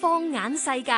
放眼世界，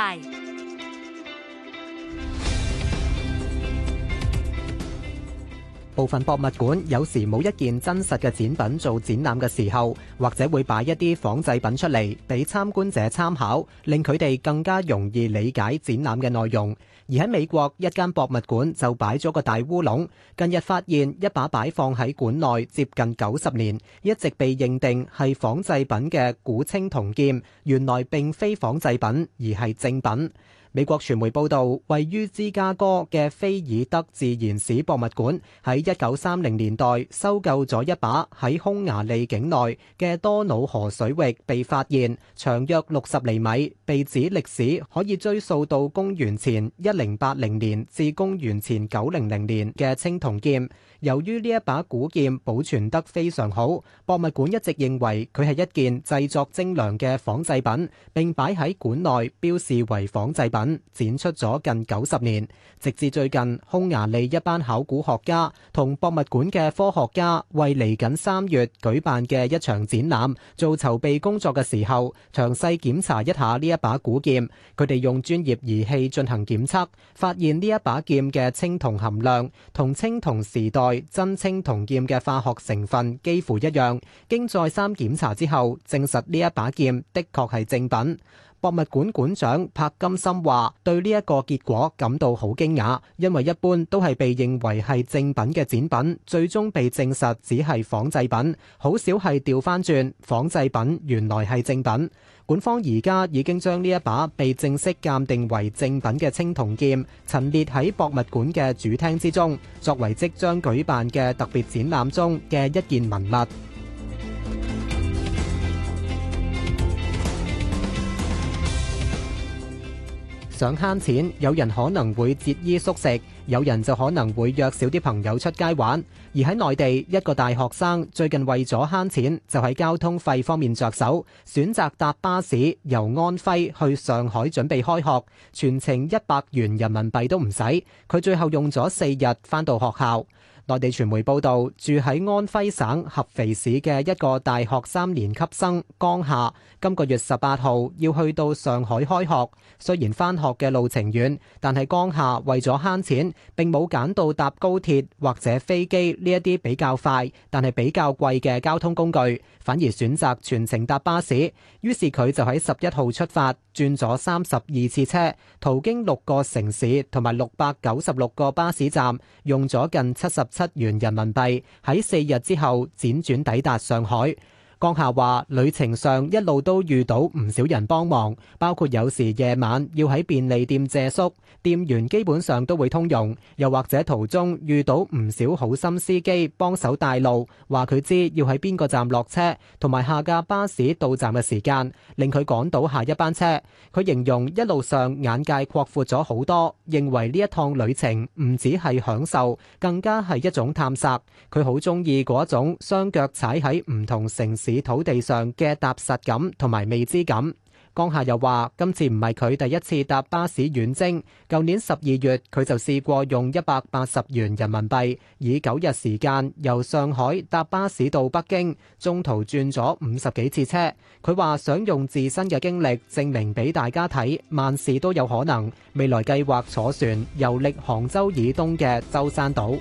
部分博物館有時冇一件真實嘅展品做展覽嘅時候，或者會擺一啲仿製品出嚟俾參觀者參考，令佢哋更加容易理解展覽嘅內容。而喺美國一間博物館就擺咗個大烏龍，近日發現一把擺放喺館內接近九十年，一直被認定係仿製品嘅古青銅劍，原來並非仿製品，而係正品。美國傳媒報道，位於芝加哥嘅菲爾德自然史博物館喺一九三零年代收購咗一把喺匈牙利境內嘅多瑙河水域被發現，長約六十厘米，被指歷史可以追溯到公元前一零八零年至公元前九零零年嘅青銅劍，由於呢一把古劍保存得非常好，博物館一直認為佢係一件製作精良嘅仿製品，並擺喺館內標示為仿製品展出咗近九十年，直至最近，匈牙利一班考古學家同博物館嘅科學家為嚟緊三月舉辦嘅一場展覽做籌備工作嘅時候，詳細檢查一下呢一把古劍，佢哋用專業儀器進行檢測。發現呢一把劍嘅青銅含量同青銅時代真青銅劍嘅化學成分幾乎一樣，經再三檢查之後，證實呢一把劍的確係正品。博物館館長柏金森話，對呢一個結果感到好驚訝，因為一般都係被認為係正品嘅展品，最終被證實只係仿製品，好少係調翻轉，仿製品原來係正品。館方而家已經將呢一把被正式鑒定為正品嘅青銅劍陳列喺博物館嘅主廳之中，作為即將舉辦嘅特別展覽中嘅一件文物。想慳錢，有人可能會節衣縮食，有人就可能會約少啲朋友出街玩。而喺內地，一個大學生最近為咗慳錢，就喺交通費方面着手，選擇搭巴士由安徽去上海準備開學，全程一百元人民幣都唔使。佢最後用咗四日返到學校。內地傳媒報導，住喺安徽省合肥市嘅一個大學三年級生江夏，今個月十八號要去到上海開學。雖然返學嘅路程遠，但係江夏為咗慳錢，並冇揀到搭高鐵或者飛機呢一啲比較快但係比較貴嘅交通工具，反而選擇全程搭巴士。於是佢就喺十一號出發，轉咗三十二次車，途經六個城市同埋六百九十六個巴士站，用咗近七十七元人民幣喺四日之後輾轉抵達上海。江夏話旅程上一路都遇到唔少人幫忙，包括有時夜晚要喺便利店借、借宿，店員基本上都會通用。又或者途中遇到唔少好心司機幫手帶路，話佢知要喺邊個站落車同埋下架巴士到站嘅時間令佢趕到下一班車，佢形容一路上眼界擴闊咗好多，認為呢一趟旅程唔止係享受，更加係一種探索。佢好中意嗰種雙腳踩喺唔同城市以土地上嘅踏實感同埋未知感，江夏又話今次唔係佢第一次搭巴士遠征，舊年十二月佢就試過用一百八十元人民幣，以九日時間由上海搭巴士到北京，中途轉咗五十幾次車。佢話想用自身嘅經歷證明俾大家睇，萬事都有可能。未來計劃坐船遊歷杭州以東嘅舟山島。